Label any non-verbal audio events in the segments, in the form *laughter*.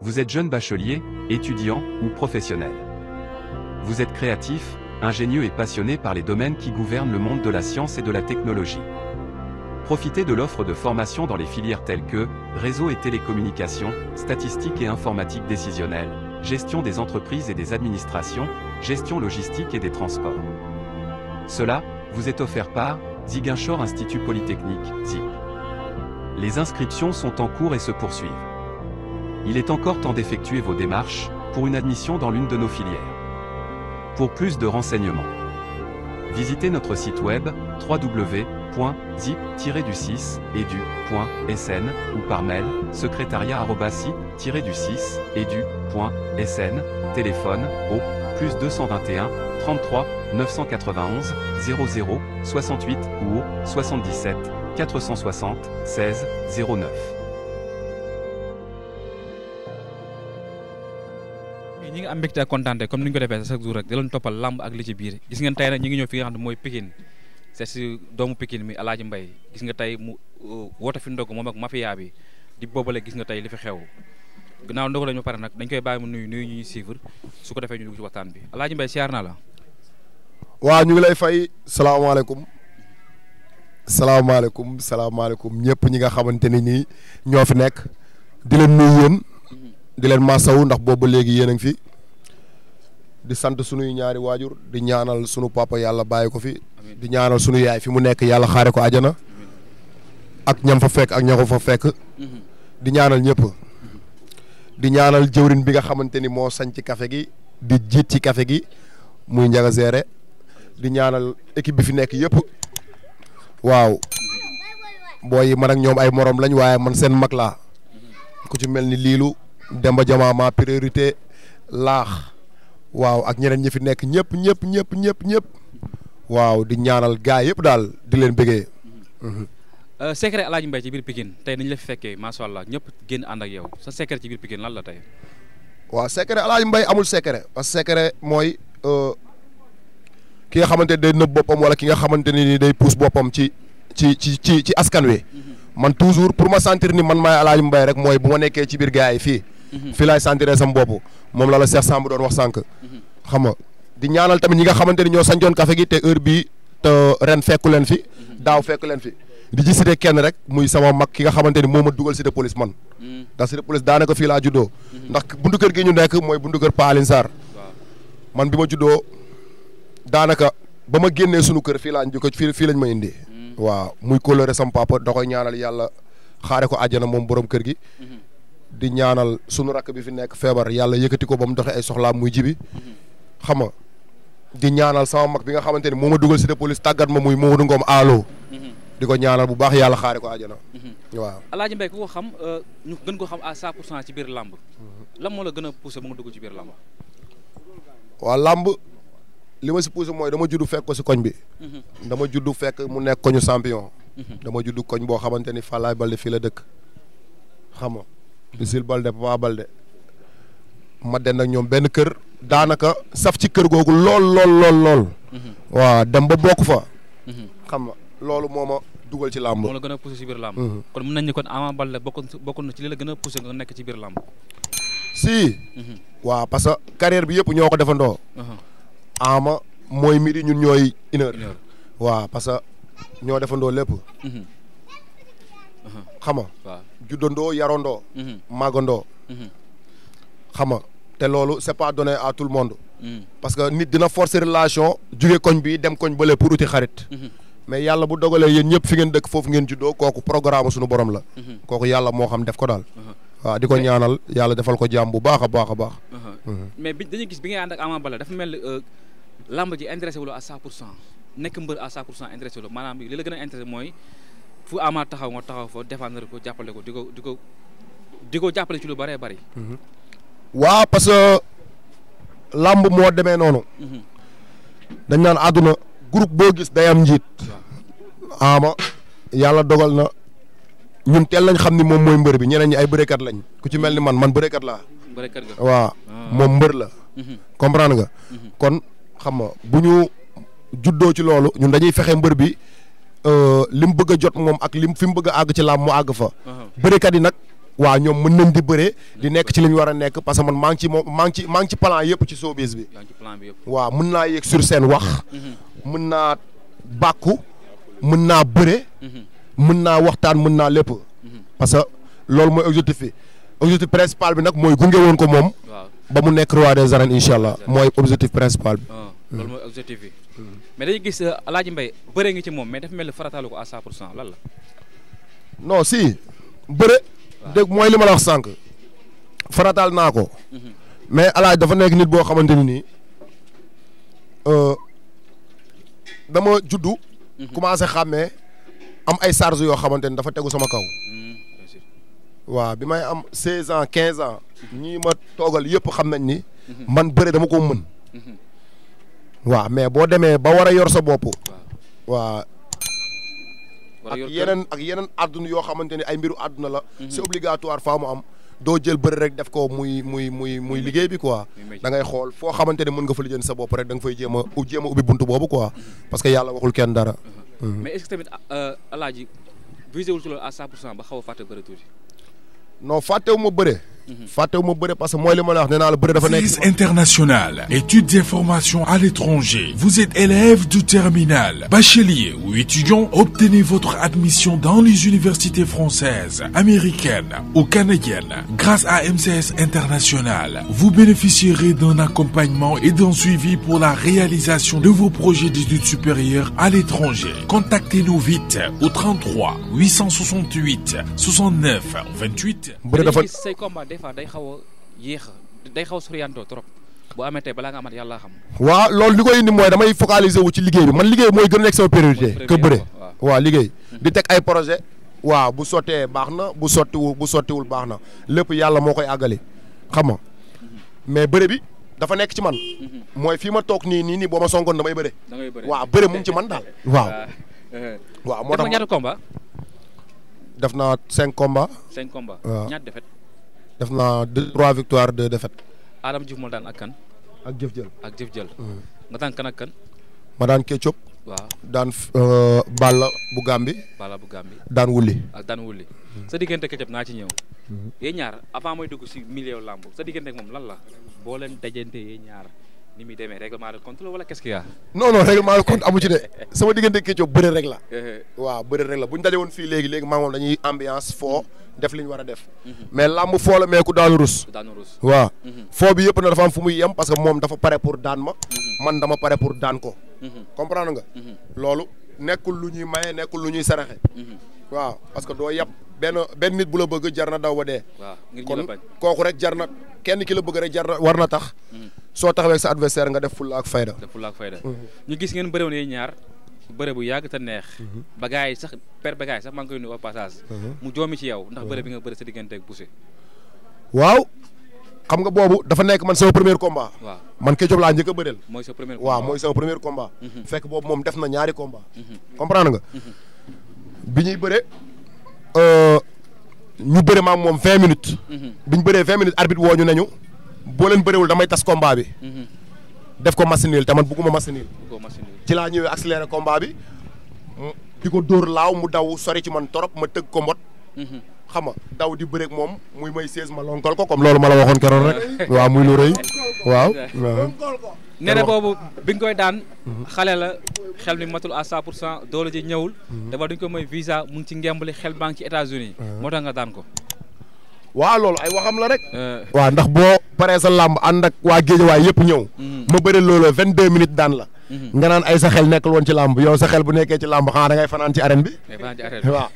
Vous êtes jeune bachelier, étudiant ou professionnel. Vous êtes créatif, ingénieux et passionné par les domaines qui gouvernent le monde de la science et de la technologie. Profitez de l'offre de formation dans les filières telles que réseau et télécommunications, statistiques et informatique décisionnelle, gestion des entreprises et des administrations, gestion logistique et des transports. Cela vous est offert par Ziguinchor Institut Polytechnique, ZIP. Les inscriptions sont en cours et se poursuivent. Il est encore temps d'effectuer vos démarches pour une admission dans l'une de nos filières. Pour plus de renseignements, visitez notre site web www.zip-du6edu.sn ou par mail secrétariat-du6edu.sn, téléphone au plus 221, 33, 991, 00, 68 ou au 77, 460, 16, 09. ñi nga am mbégte ak comme ni ñu ko defee chaque jour rek di leen toppal làmb ak li ci biir gis ngeen tey nag ñi ngi ñëw fi nga xam ne mooy Pikine c'est si doomu Pikine mi Alaaji Mbay gis nga tey mu euh, woote fi ndog moom ak mafia bi di boobale gis nga tey li fi xew ginnaaw ndogu lañu pare nag dañ koy bàyyi mu nuyu nuyu ñu suivre su ko defee ñu dugg ci waxtaan bi Alaaji Mbaye siyaar naa la. waaw ñu ngi lay fay salaamaaleykum salaamaaleykum salaamaaleykum ñëpp ñi nga xamante ni nii ñoo fi nekk di leen nuyu yéen di leen maasawu ndax boobu ba léegi yéen a ngi fi di sant sunuy ñaari waajur di ñaanal sunu papa yàlla bàyyi ko fi di ñaanal sunu yaay fi mu nekk yàlla xaare ko ajana ak ñam fa fekk ak ña ko fa fekk mm-hmm. di ñaanal ñëpp. di ñaanal jëwrin bi nga xamante ni moo sañ ci kafe gi di jiit ci kafe gi muy njaga géere di ñaanal équipe bi fi nekk yëpp waaw booy man ak ñoom ay moroom lañ waaye man seen mag laa ku ci mel ni liilu demba jamaama priorité laax waaw ak ñeneen ñi fi nekk ñëpp ñëpp ñëpp ñëpp ñëpp waaw di ñaanal gaay yépp daal di leen bëggee mhm. Euh, secret Aladji mbay ci biir Pikine tey nañ la fi fekkee macha allah ñëpp génn ànd ak yow sa secret ci biir Pikine lan la tey. waaw secret Aladji mbay amul secret parce que secret mooy euh, ki nga xamante day nëb boppam wala ki nga xamante ni day puus boppam ci ci ci ci ci askan wi. Mhm. man toujours pour ma sentir ni man maay Aladji mbay rek mooy bu ma nekkee ci biir gars yi fii. Mhm. fii laay sentiree sam bopp moom la la Cheikh Samb doon wax sànq. Mhm. xam nga di ñaanal tamit ñi nga xamante ni ñoo sancoon café gi te heure bii. te ren fekku leen fi daaw fekku leen fi di kenn rek muy sama mag ki nga xamante ni moom ma dugal cité police man ndax cité police daanaka fii laa juddoo ndax buntu kër gi ñu nekk mooy buntu kër Paalin saar man bi ma juddoo daanaka ba ma génnee sunu kër fii laa njëkk fii fii lañ ma indi hmm. waaw muy coloré sama papa da koy ñaanal yàlla xaare ko àjjana moom boroom kër gi hmm. di ñaanal sunu rakk bi fi nekk feebar yàlla yëkkati ko ba mu doxee ay soxlaa muy jibi hmm. xam nga di ñaanal sama mag bi nga xamante ni moo ma dugal cité police tàggat ma muy Mamadou Ngom Allo. Mhm. di ko ñaanal bu baax yàlla xaare ko àjjana. Mhm. waaw Alaaji Mbaye ku ko xam euh, ñu gën ko xam à 100 pour cent biir làmb. Mhm. lan moo la gën a poussé ba nga dugg biir làmb. waaw làmb li ma si poussé mooy dama judd fekk si koñ bi. dama judd fekk mu nekk koñu champion. dama judd koñ boo xamante ni Falaye Balde fii la dëkk xam nga. Bisil Balde Papa Balde. ma den ak ñoom benn kër daanaka saf ci kër googu lool lool lool lool. Mm-hmm. dem ba bokk fa. Mm-hmm. xam nga loolu moo ma dugal ci làmb. moo gën a poussé ci biir làmb. Mm-hmm. kon mën nañu na gën a poussé nga nekk ci si. waaw parce que carrière bi yëpp ñoo ko defandoo. Uh-huh. Ama mooy midi ñun ñooy une heure. waaw que ñoo defandoo lépp. xam nga. Uh-huh. waaw juddandoo yarandoo. màggandoo. xam te loolu c'est pas donné à tout le monde. Hmm. parce que nit dina forcer relation. jóge koñ bi dem koñ bële pour uti xarit. Hmm. mais Yalla bu dogalé yeen ñëpp fi ngeen dëkk fofu ngeen juddoo koku programme suñu borom la. Hmm. koku Yalla mo xam def ko dal uh-huh. wa diko ñaanal Yalla defal ko jamm bu baax a baax uh-huh. mais bi dañuy gis bi ngay and ak Ama Baldé dafa mel euh, lamb ji intéressé wu à 100 nek cent à 100 intéressé wu manam li la gën intéressé moy fu Ama taxaw nga taxaw fo défendre ko jappalé ko diko diko diko jappalé ci lu bari bari waaw parce que làmb moo demee noonu. dañ naan àdduna groupe boo gis day am njiit. ama yàlla dogal na ñun teel lañ xam ni moom mooy mbër bi ñeneen ñi ay bëreekat lañ ku ci mel ni man man bëreekat laa. bëreekat nga ah. moom mbër la. Mhm. comprendre nga. Mhm. kon xam nga bu ñu juddoo ci loolu ñun dañuy fexe mbër bi euh, li mu bëgg a jot moom ak lim fi mu bëgg àgg ci làmb mu àgg fa. bëreekat yi nag. waaw ñoom mën nañ di bëree di nekk ci li ñu war a nekk parce que man maa ngi ci moom maa ngi ci maa ngi ci plan yëpp ci showbiz bi waaw mën naa yéeg sur scène wax mhm. mën naa bàkku mën naa bëre mhm. mën naa waxtaan mun naa lépp mhm. parce que loolu mooy objectif bi objectif principal bi nag mooy gunge woon ko moom ba mu nekk roi des arènes incha allah mooy objectif principal bi oh, hmm. loolu mooy objectif bi hmm. mais dañuy gis euh, laaj mbay bëre ngi ci moom mais dafa mel ni farataalu ko à cent pour cent lan la si bëre dégg mooy li ma la wax sànq farataal naa ko. mais alaaj dafa nekk nit boo xamante ni nii euh, dama juddu. commencé xàmmee am ay charge yoo xamante ni dafa tegu sama kaw. waaw bi may am 16 ans quinze ans. ñii ma toogal yëpp xam nañ ni. man bëre dama ko mën. Mhm. waaw mais boo demee ba war a yor sa bopp. ak yeneen ak yeneen àdduna yoo xamante ne ay mbiru àdduna la mhm. c'est obligatoire faa mu am doo jël bëri rek def ko muy muy muy muy liggéey bi quoi da ngay xool foo xamante ne mën nga fa lijjanti sa bopp rek danga nga fay jéem jéem a ubbi buntu boobu quoi mhm. parce que yàlla waxul kenn dara mhm. mais est tamit euh, alaaji visé wul ci loolu à ba xaw a fàtte bëre tuuti non fàttewuma bëre MCS international études et formations à l'étranger vous êtes élève du terminal bachelier ou étudiant obtenez votre admission dans les universités françaises américaines ou canadiennes grâce à MCS International vous bénéficierez d'un accompagnement et d'un suivi pour la réalisation de vos projets d'études supérieures à l'étranger contactez-nous vite au 33 868 69 28. des day xaw a yéex a day xaw a trop boo amee tey balaa nga amat yàlla xam. waa loolu di koy indi mooy damay focaliser wu ci liggéey bi man liggéey mooy gën a nekk sama priorité. que bëre waaw liggéey. Hmm. di teg ay projet waaw bu sottee baax na bu sottiwul bu sottiwul baax na lépp yàlla moo koy àggale xam nga mais bëre bi dafa nekk ci man. Hmm. mooy fii ma toog nii nii nii boo ma songoon damay bëre. damay bëre waaw ci man daal. *laughs* waaw ah. waaw moo tax def na ñaata combat. def na cinq combat. cinq def naa deux trois victoires de défaites. Adama Diouf moo daan ak ak jëf jël ak jëf jël. Hmm. nga daan kan ak kan. ma daan Kécop. waaw daan bu euh, Gàmbi. Balla bu Gàmbi daan Wuli. ak daan Wuli. sa diggante Kécop naa ci ñëw. Hmm. yéen ñaar avant mooy dugg si milieu làmb sa diggante ak moom lan la. boo leen dajante ñaar. ni muy demee règlement de compte la wala qu'est-ce qu'il y a. non *laughs* sama diggante Ketchup bëre rek la. Uh-huh. waaw bëre bu ñu daje woon fii léegi léegi maa moom dañuy ambiance foo mm-hmm. def li ñu war a def. Mm-hmm. mais làmb foo la mais ku daanu rus. daanu rus waaw. Mm-hmm. foo bi yëpp na dafa am fu muy yem parce que moom dafa pare pour daan ma. man dama pare pour daan ko. comprendre nga. loolu nekkul lu ñuy maye nekkul lu ñuy saraxe. waaw parce que doo yab benn benn nit bu la bëgg jar na daw ba dee. waaw ngir kon kooku rek jar na kenn ki la bëgg rek jar war na tax. so taxawé sa adversaire nga def full ak fayda. def full ak fayda. Mhm. ñu gis ngeen bëriwoon yi ñaar bëre bu yag ta neex. Mhm. ba gars sax per ba gars sax ma ngi ñu au passage. Mhm. mu joomi ci yow ndax bëré bi nga bëré sa digënté ak Boucher. waaw xam nga bobu dafa nek man sama premier combat. man ke job la ñëk bëreel. moy sa premier combat waaw moy sa premier combat. fekk bobu mom def na ñaari combat. comprendre nga. bi bëré euh ñu bëré ma mom 20 minutes. biñu bëré 20 minutes arbitre woo ñu nañu. boo leen bëriwul damay tas combat bi. Mhm. def ko masinil te man bugguma masinil. ci laa ñëwee accéléré combat bi di ko dóor laaw mu daw sori ci man torop ma tëgg ko mbot. Mhm. xam nga daw di bëreeg moom muy may sées ma lonkol ko comme loolu ma la waxoon keroon rek. *laughs* waaw muy lu rëy. waaw lonkol boobu bi nga koy daan. Mhm. xale la xel mi matul à 100 pour cent doole ji ñëwul. dafa duñ ko may visa mu ngi ci ngembali xel baa ngi ci États-Unis moo tax nga daan ko. waaw loolu ay waxam la rek. Eh. waaw ndax boo paree sa làmb ànd ak waa géejawaay yëpp ñëw. Mm-hmm. ma bëri loolu vingt deux minutes daan la. Mm-hmm. nga naan ay sa xel nekkul woon ci làmb yow sa xel bu nekkee ci làmb xanaa da ngay fanaan ci arène bi. waaw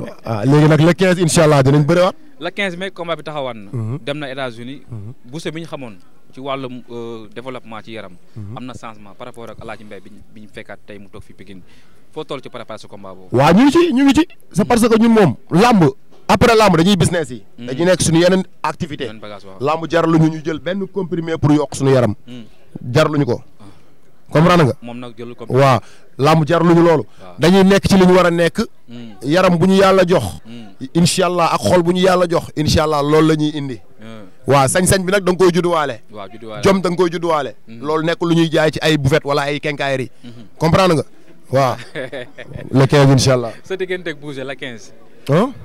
waaw léegi nag le quinze incha allah dinañ bëriwaat. le quinze mai combat bi taxawaat na. Mm-hmm. dem na États-Unis. bouse bi xamoon ci wàllum euh, développement ci yaram. am na changement par rapport ak Alaaji Mbay bi ñu bi ñu fekkaat tey mu toog fi Pikine foo toll après lamb dañuy business yi. Hmm. dañuy nekk suñu yeneen activité làmb jaraluñu ñu jël benn comprimé pour yokk suñu yaram. Hmm. jaraluñu ko. Ah. comprendre nga. moom nag jël comprimé waaw làmb jaraluñu loolu. dañuy nekk ci li ñu war a nekk. Hmm. yaram bu ñu yàlla jox. incha allah ak xol bu ñu yàlla jox incha allah loolu la ñuy indi. waaw sañ-sañ bi nag da nga koy waaw judduwaale jom da nga koy judduwaale. loolu nekk lu ñuy jaay ci ay buffet wala ay quincaillerie. comprendre nga waaw. *laughs* le 15 incha allah. sa digganteeg Boucher le 15.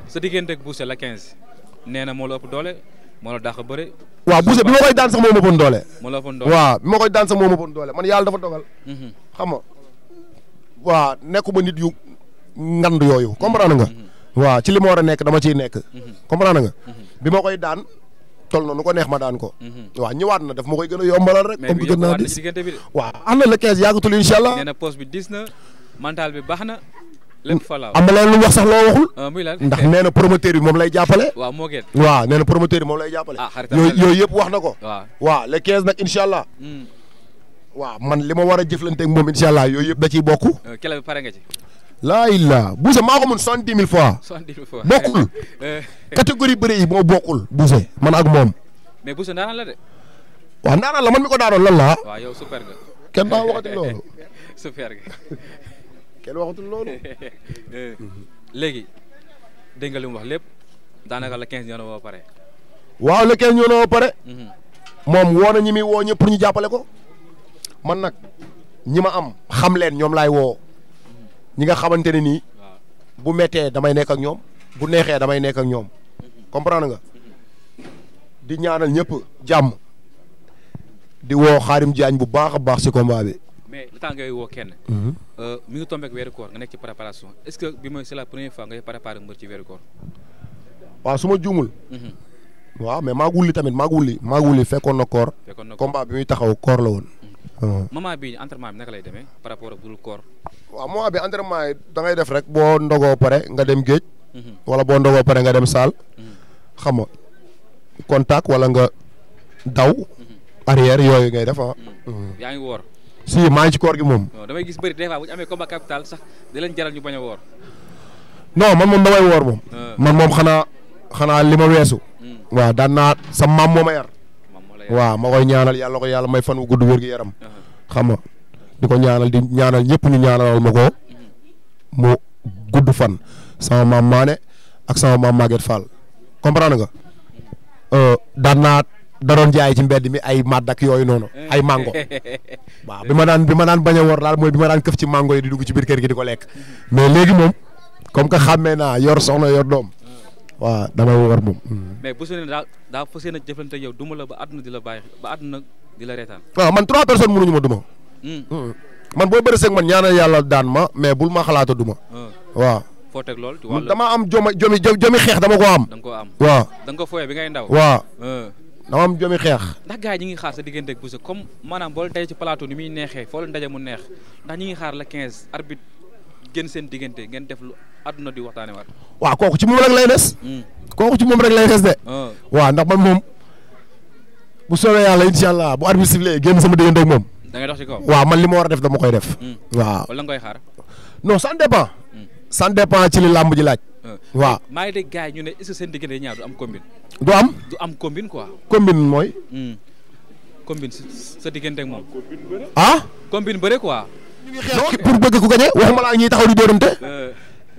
sa diggante ak Boucher la 15. nee na moo la doole moo la dàq bëre. waaw Boucher bi ma koy daan sax moo ma bon doole. moo la bon doole waaw moo ma bon doole man yàlla dafa dogal. Mhm. xam nga waaw nekkuma nit yu ngand yooyu comprendre nga. Mhm. waaw ci li ma war a nekk dama ciy nekk. Mhm. comprendre nga. bi ma koy daan tol noonu ko neex ma daan ko. waaw ñëwaat na daf ma koy gën a yombalal rek. comme que gën di waaw ànd la 15 yàggatul incha allah. nee na bi dis na bi baax na. am na leen lu wax sax loo waxul. Ah, ndax nee na promoteur yi moom lay jàppale. waaw moo gën waaw promoteur bi moom lay jàppale. ah yooyu yooyu yëpp wax na ko. waaw waaw le 15 nag incha allah. Hmm. waaw man li ma war a jëflanteek moom incha allah yooyu yëpp da ciy bokk. Euh, kële bi nga ci. laa illah Bousse maa ko mën mille fois. soixante dix mille fois bokkul. *laughs* Euh. catégorie yi moo bokkul Bousse man ak moom. mais Bousse ndaanaan la de. waaw ndaanaan la man mi ko daanoon lan la. waaw yow super kenn daa waxati loolu. *laughs* super nga. kenn waxatul loolu. *laughs* Eh, léegi dégg nga li wax lépp daanaka le quinze ñoo na ba pare. waaw le quinze ñoo na ba pare. Mhm. moom woo na ñi muy woo ñëpp pour ñu jàppale ko man nag ñi ma am xam leen ñoom laay woo mhm. ñi nga xamante ne nii bu mettee damay nekk ak ñoom bu neexee damay nekk ak ñoom mhm. comprendre nga di ñaanal ñëpp jàmm di woo Xaarim Jaañ bu baax a baax si combat temps ngay woo kenn. Mm-hmm. Eh, mi ngi tombé ak wéru koor nga nek ci préparation est ce que bi mooy c'est la première fois ngay préparer mbeur ci wéru koor. wa suma djumul hmm wa mais ma wulli tamit ma wulli ma wulli fekkon na koor. combat bi muy taxaw koor la woon. mama mm-hmm. mm-hmm. bi entraînement bi nak lay démé par rapport ak budul koor. wa bi entraînement da ngay def rek bo ndogo pare nga dem géej. wala bo ndogo pare nga dem saal. xam nga contact wala nga daw. arrière yoy ngay def ah. yaangi wor si maa ngi ci koor gi moom. non damay gis bëri des fois bu ñu amee combat capital sax di ñu bañ a woor. non man moom damay woor moom. Euh. man moom xanaa xanaa li ma weesu. Hmm. waaw daan naat sa maam moo ma yar. waaw ma koy ñaanal yàlla ko yàlla may fan wu gudd wér gi yaram. Uh-huh. xam nga di ko ñaanal di ñaanal ñëpp ñu ñaanalal ma ko. Hmm. mu gudd fan sama maam Maane ak sama maam Maguette Fall comprendre nga. Euh, daan naa da doon jaay ci mbedd mi ay màdd ak yooyu noonu ay mango waaw bi ma daan bi ma daan bañ a wor daal mooy bi ma daan këf ci mango yi di dugg ci biir kër gi di ko lekk mais léegi moom comme que xamee naa yor soxna yor doom waaw dama wor moom. mais bu su ne daa daa fas yéene jëflante yow duma la ba àdduna di la bàyyi ba àdduna di la reetaan. man trois personnes mënuñu ma man boo bëri seeg man ñaana yàlla daan ma mais bul ma xalaata duma. waaw foo teg damaa am jomi jomi jomi xeex dama ko am. da nga koo am waaw. dama am jomi xeex ndax gars yi ñi ngi xaar sa bol ak Boucher comme maanaam boo daje ci plateau ni muy neexee foo leen daje mu neex ndax ñi ngi xaar la 15 arbitre génn seen diggante ngeen def lu àdduna di waxtaane waat waaw kooku ci moom rek lay des hmm. kooku ci moom rek lay des de ah. waaw ndax man moom bu soobee yàlla incha bu arbitre sifflé génn sama diggante ak moom da ngay dox ci man li def dama koy def hmm. waaw wala nga xaar non ça dépend hmm. ça dépend ci li ji laaj waaw maa ngi dégg gars yi ñu ne est seen diggante ñaar du am combine. du am du am combine quoi. combine mooy. Hmm. combine sa diggante ak ah. combine bare quoi. ñu pour bëgg ku gañe waxuma laa ñuy taxaw di dóorante. Euh.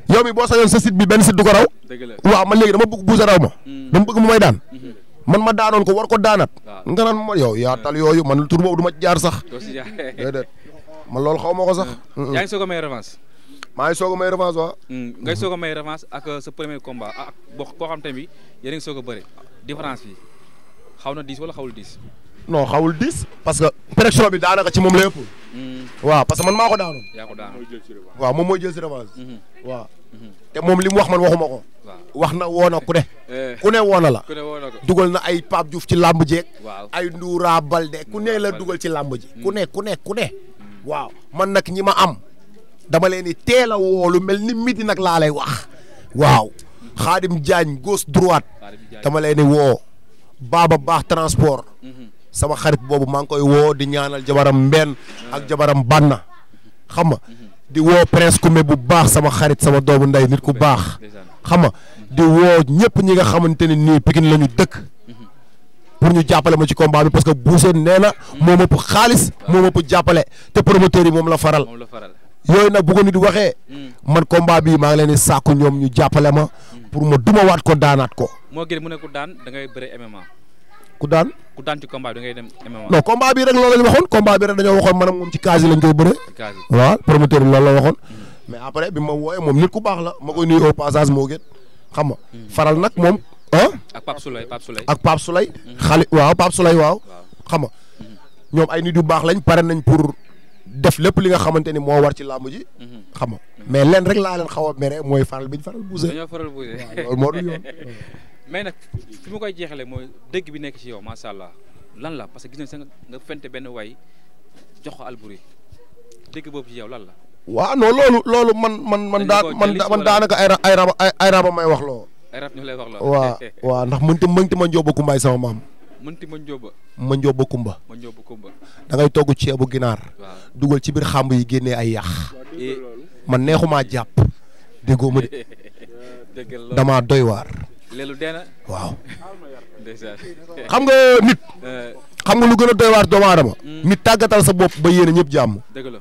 yow mi boo sañoon sa site bi benn site du ko raw. waaw man léegi dama bëgg buusa raw ma. Hmm. dama bëgg mooy daan. Hmm. man ma daanoon ko war ko daanat. nga naan ma yow yaa tal yooyu man tur boobu du jaar sax. ma man loolu xaw ma ko sax. yaa ngi soog maa ngi soog a may revanche waa. Mm, ngay soog a may revanche ak euh, sa premier combat ak boo koo xam tamit yéen a ngi soog bëri différence bi xaw na diis wala xawul diis. no xawul diis parce que pression bi daanaka ci moom la yëpp. Mm. waaw parce que man maa ko daanoon. yaa ko daanoon waaw moom mooy jël si revanche. Mm-hmm. waaw mm-hmm. te moom li mu wax man waxuma ko. wax na woo na ku ne. Eh. ku ne woo la. ku ne woo na ko dugal na ay Pape Diouf ci làmb jeeg. waaw ay Ndoura de ku ne la dugal ci làmb ji. ku ne mm. ku ne ku ne. waaw man nag ñi ma am. dama leen di teel a woolu mel ni midi nag laa lay wax waaw xaadim Diagne gauche droite dama leen di woo baaba baax transport mhm. sama xarit boobu maa ngi koy woo di ñaanal jabaram mbenn ak ah. jabaram bànna xam nga mhm. di woo prince Koumé bu baax sama xarit sama doomu ndey nit ku baax xam nga di woo ñëpp ñi nga xamante ne nii Pikine la ñu dëkk mhm. pour ñu jàppale ma ci combat bi parce que buuseen nee na moom xaalis ah. moom ëpp jàppale te promoteur yi moom la faral yooyu nag bu ko nit waxee. Mm. man combat bii maa ngi leen di sàkku ñoom ñu jàppale ma. Mm. pour ma waat ko daanaat ko. moo gën mu ne daan da ngay bëre MMA. ku daan ku daan ci combat bi da ngay dem MMA. non combat bii rek loolu la ñu waxoon combat bi rek dañoo waxoon maanaam moom ci case yi lañ koy bëre. ci case yi waaw promoteur bi loolu la waxoon. Mm. mais après bi ma wooyee moom nit ku baax la ma koy nuyu au passage moo gën xam nga. faral nag moom ah. ak Pape Souley Pape Souley. ak Pape Souley. xale waaw Pape Souley waaw. xam nga ñoom ay nit yu baax lañ pare nañ pour def lépp li nga xamante ni moo war ci làmb ji. Mhm. xam nga mais leen rek laa leen xaw a mere mooy faral bi ñu faral buuse. dañoo loolu moo dul yoon. *laughs* mais nag fi ma koy jeexalee mooy dëgg bi nekk ci yow macha allah lan la parce que gis sa nga fente benn way jox ko Alboury dëgg boobu yow lan la. waaw non loolu loolu man man man daa man man daanaka ay ay rab ay rab may wax loo. ay lay wax loo. waaw waaw ndax mënti mënti ma njóobaku mbaay sama maam. mënti ma njóoba ba njóoba kumba ma njóoba kumba da ngay togg ceebu ginaar dugal ci biir xàmb yi génne ay yàq man neexumaa jàpp déggoo ma de *laughs* damaa doy waar leelu dee na waaw xam nga nit *laughs* euh. xam nga lu gën a doy waar doomu aadama hmm. nit tàggatal sa bopp ba yéene ñëpp jàmm dëgg la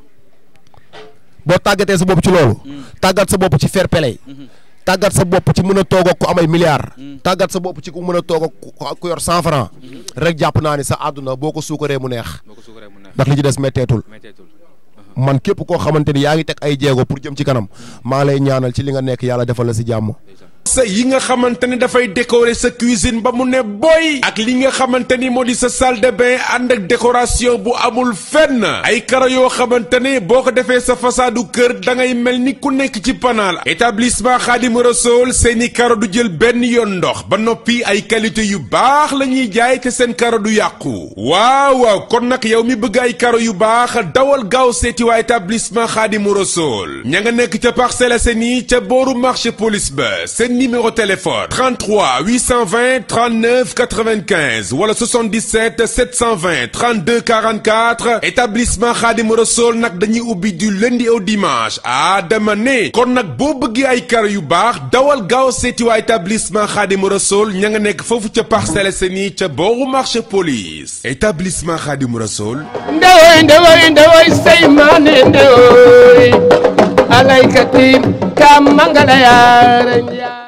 boo tàggatee sa bopp ci loolu hmm. tàggat sa bopp ci fair play hmm. tàggat sa bopp ci mën a toog ak ku am ay milliards. Mm. tàggat sa bopp ci ku mën a toog ak ku yor cent franc. Mm-hmm. rek jàpp naa ni sa àdduna boo ko suukaree mu neex. ndax li ci des métteetul. Uh-huh. man képp koo xamante ni yaa ngi teg ay jéego pour jëm ci kanam maa lay ñaanal ci li nga nekk yàlla defal la si jàmm. sa yi nga xamante ni dafay décorer sa cuisine ba mu ne boy ak li nga xamante ni moo di sa salle de ànd ak décoration bu amul fenn ay karo yoo xamante ni boo ko defee sa façadu kër da ngay mel ni ku nekk ci panaal établissement Khadim Rassoul seeni karo du jël benn yoon ndox ba noppi ay qualité yu baax la ñuy jaay te seen karo du yàqu waaw waaw kon nag yow mi bëgg ay karo yu baax dawal gaaw seeti waa établissement Khadim Rassoul ña nga nekk ca Parcelles Assainies ca booru marché police numéro de téléphone 33 820 39 95 wala 77 720 32 44 établissement Khadim Rassoul nak dañuy ubi du lundi au dimanche ah dama ne kon nak bo bëggee ay kar yu bax dawal gaaw séti wa établissement Khadim Rassoul ña nga nekk fofu ci parcelle Assainies ci marché police établissement Khadim Rassoul ndaway ndaway ndaway say alay katim kam mangala